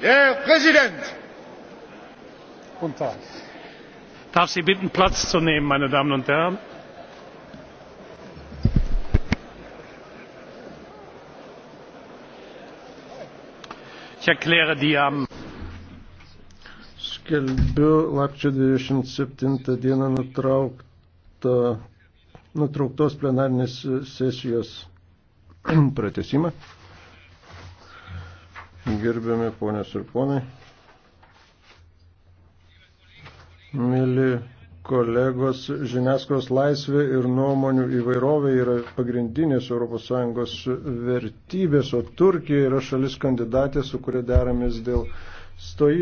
herr präsident! ich darf sie bitten platz zu nehmen meine damen und herren! ich erkläre die am. skelbiu lapkričio dvidešimt septintą dieną nutraukta nutrauktos plenarinės sesijos pratęsimą gerbiami ponės ir ponai. Mili kolegos, žiniasklaidos laisvė ir nuomonių įvairovė yra pagrindinės ES vertybės, o Turkija yra šalis kandidatė, su kuria deramės dėl stojimo.